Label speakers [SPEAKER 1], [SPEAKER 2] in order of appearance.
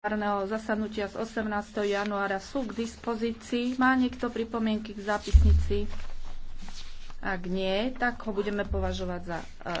[SPEAKER 1] plenárneho zasadnutia z 18. januára sú k dispozícii. Má niekto pripomienky k zápisnici? Ak nie, tak ho budeme považovať za e,